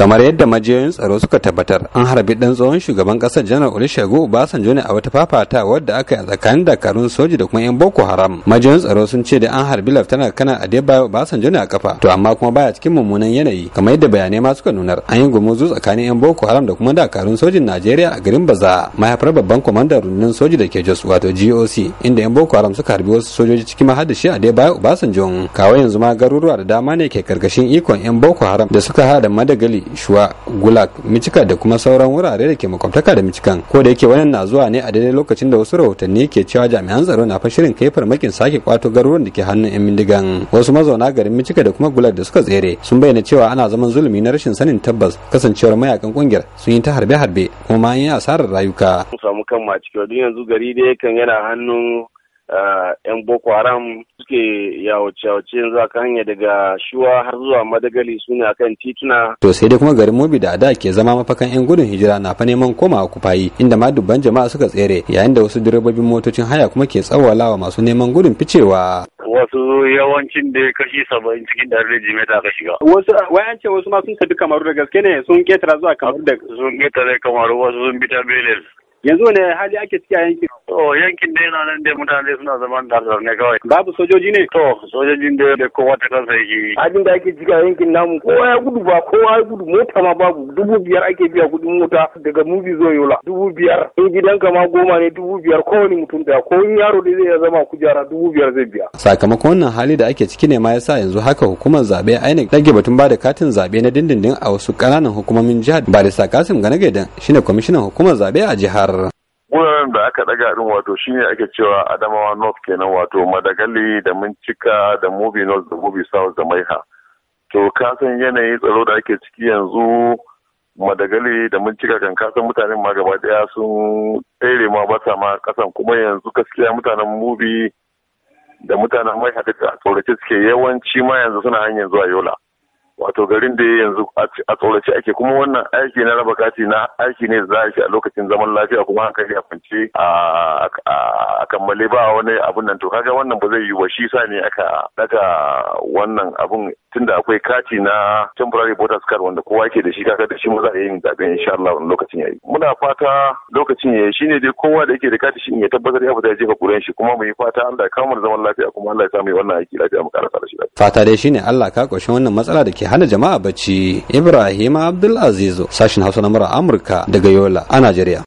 kamar yadda majiyoyin tsaro suka tabbatar an harbi ɗan tsohon shugaban kasar janar olusegun obasanjo ne a wata fafata wadda aka yi a tsakanin dakarun soji da kuma yan boko haram majiyoyin tsaro sun ce da an harbi laftana kana adebayo obasanjo ne a kafa to amma kuma baya cikin mummunan yanayi kamar yadda bayanai ma suka nunar an yi gumuzu tsakanin yan boko haram da kuma dakarun sojin najeriya a garin baza mahaifar babban kwamandan rundunar soji da ke jos wato goc inda yan boko haram suka harbi wasu sojoji cikin mahadashi adebayo obasanjo kawai yanzu ma garuruwa da dama ne ke karkashin ikon yan boko haram da suka hada madagali shuwa gulak micika da kuma sauran wurare da ke makwabtaka da micikan ko da yake wannan na zuwa ne a daidai lokacin da wasu rahotanni ke cewa jami'an tsaro na fashirin kai farmakin sake kwato garuruwan da ke hannun yan bindigan wasu mazauna garin micika da kuma gulak da suka tsere sun bayyana cewa ana zaman zulumi na rashin sanin tabbas kasancewar mayakan kungiyar sun yi ta harbe-harbe kuma ma yi asarar rayuka. Mun samu kan ma cikin yanzu gari dai kan yana hannun 'yan Boko Haram suke yawace-yawace yanzu a kan hanya daga Shuwa har zuwa Madagali su ne akan tituna. To sai dai kuma garin Mobi da Ada ke zama mafakan 'yan gudun hijira na fa neman komawa kufayi inda ma dubban jama'a suka tsere yayin da wasu direbobin motocin haya kuma ke tsawalawa masu neman gudun ficewa. wasu yawancin da kashi saba'in cikin ɗari da ta aka shiga. Wasu wayance wasu ma sun tafi kamaru da gaske ne sun ketara zuwa kamaru da. Sun ketara kamaru wasu sun bi ta belel. Yanzu ne hali ake ciki a yankin. To yankin da yana nan da mutane suna zaman darzar ne kawai. Babu sojoji ne? To sojojin da da kowa ta kansa yake. Abin da ake jika yankin namu kowa ya gudu ba kowa ya gudu mota ma babu dubu biyar ake biya kudin mota daga mubi zuwa yola dubu biyar. In gidanka ma goma ne dubu biyar kowane mutum da ko yaro da zai zama kujera dubu biyar zai biya. Sakamakon wannan hali da ake ciki ne ma yasa yanzu haka hukumar zabe INEC dage batun bada katin zabe na dindindin a wasu ƙananan hukumomin jihar Barisa Kasim Ganagaidan shine kwamishinan hukumar zabe a jihar. bangaren da aka daga din wato shine ake cewa adamawa north kenan wato madagali da mincika da mubi north da mubi south da maiha to ka san yanayin tsaro da ake ciki yanzu madagali da mincika kan kasan mutanen ma gaba daya sun tsere ma ma kasan kuma yanzu gaskiya mutanen mubi da mutanen maiha duka tsorace suke yawanci ma yanzu suna hanyar zuwa yola wato garin da yanzu a tsorace ake kuma wannan aiki na raba kati na aiki ne za a shi a lokacin zaman lafiya kuma hankali a kwance a kammale ba wani abun nan to kaga wannan ba zai yi wa shi sa ne aka daga wannan abun tunda akwai kati na temporary voters card wanda kowa yake da shi kaga da shi mu za a yi in insha Allah wannan lokacin yayi muna fata lokacin yayi shine dai kowa da yake da kati shi ya tabbatar ya fita ya jefa kuren shi kuma mu yi fata Allah ya kawo mu zaman lafiya kuma Allah ya samu wannan aiki lafiya mu karasa da shi fata dai shine Allah ka koshin wannan matsala da ke hana jama'a bacci Ibrahim Abdulaziz sashin Hausa na Amurka daga Yola a Najeriya